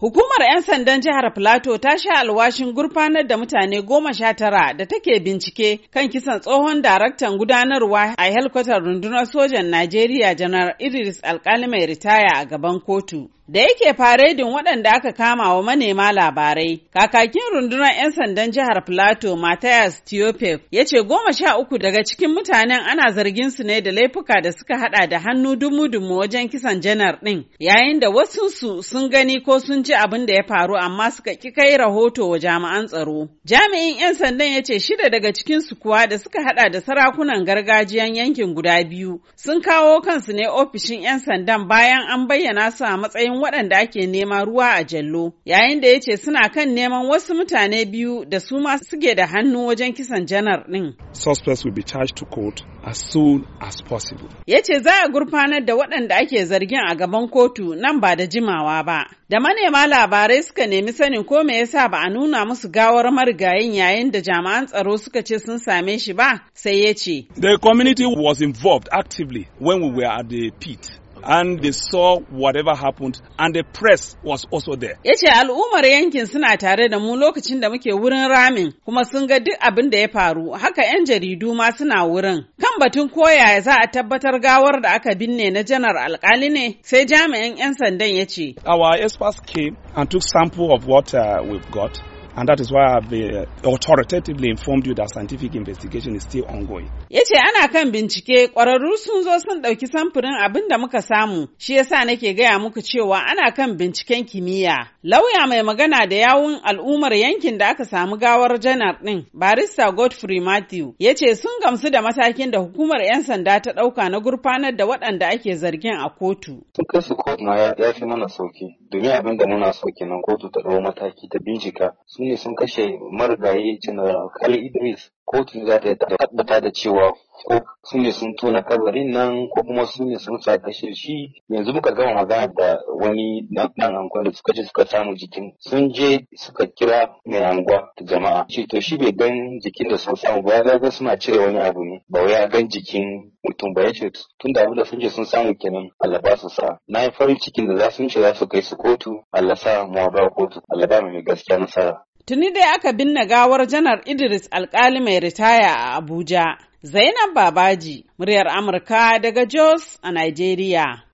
Hukumar 'yan sandan jihar Filato ta sha alwashin gurfanar da mutane goma sha tara da take bincike kan kisan tsohon daraktan gudanarwa a helkwatar rundunar sojan Najeriya janar Idris alkali mai ritaya a gaban kotu. Da yake faredin waɗanda aka kama wa manema labarai, kakakin rundunar 'yan sandan jihar Filato Matthias Tiopef ya ce goma sha uku daga cikin mutanen ana zargin su ne da laifuka da suka hada da hannu dumu-dumu wajen kisan janar ɗin, yayin da wasu su sun gani ko sun fahimci abin da ya faru amma suka ki kai rahoto wa jami'an tsaro. Jami'in 'yan sandan ya ce shida daga cikin su kuwa da suka hada da sarakunan gargajiyan yankin guda biyu sun kawo kansu ne ofishin 'yan sandan bayan an bayyana su a matsayin waɗanda ake nema ruwa a jallo. Yayin da ya ce suna kan neman wasu mutane biyu da su ma suke da hannu wajen kisan janar ɗin. Suspects will be charged to court as soon as possible. Ya ce za a gurfanar da waɗanda ake zargin a gaban kotu nan ba da jimawa ba. Da manema labarai suka nemi sanin ko me yasa ba a nuna musu gawar marigayin yayin da jami'an tsaro suka ce sun same shi ba sai ya ce. The community was involved actively when we were at the pit. and they saw whatever happened and the press was also there. Ya ce al'ummar yankin suna tare da mu lokacin da muke wurin ramin kuma sun ga duk abin da ya faru haka 'yan jaridu ma suna wurin. Kan batun koya za a tabbatar gawar da aka binne na janar alkali ne sai jami'an 'yan sandan ya ce. Our experts came and took sample of what uh, we've got. And that is why I've uh, authoritatively informed you that scientific investigation is still ongoing. Ya ana kan bincike ƙwararru sun zo sun ɗauki samfurin abin da muka samu, shi yasa nake gaya muku cewa ana kan binciken kimiyya. Lauya mai magana da yawun al'ummar yankin da aka samu gawar janar ɗin, barista Godfrey Matthew, yace sun gamsu da matakin da hukumar 'yan sanda ta ɗauka na gurfanar da waɗanda ake zargin a kotu. Sun kai su kotu ya fi mana sauki. Duniya, abin da muna so kenan kotu ta ɗau mataki ta bincika su ne sun kashe marigayi janar alkali idris kotun za ta tabbata da cewa ko su ne sun tona kabarin nan ko kuma su ne sun sa shi yanzu muka gama magana da wani nan anguwa da suka ce suka samu jikin sun je suka kira mai angwa da jama'a shi to shi bai gan jikin da sun samu ba ya ga suna cire wani abu ne ba wai ya gan jikin mutum ba ya ce tun da abinda sun je sun samu kenan Allah ba su sa na yi farin cikin da za sun ce su kai su kotu Allah sa mu ba kotu Allah ba mai gaskiya nasara Tuni dai aka binne gawar janar Idris alkali mai ritaya a Abuja. Zainab Babaji, muryar Amurka daga Jos a Nigeria.